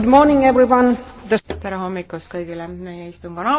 tere hommikust kõigile meie istung on avatud.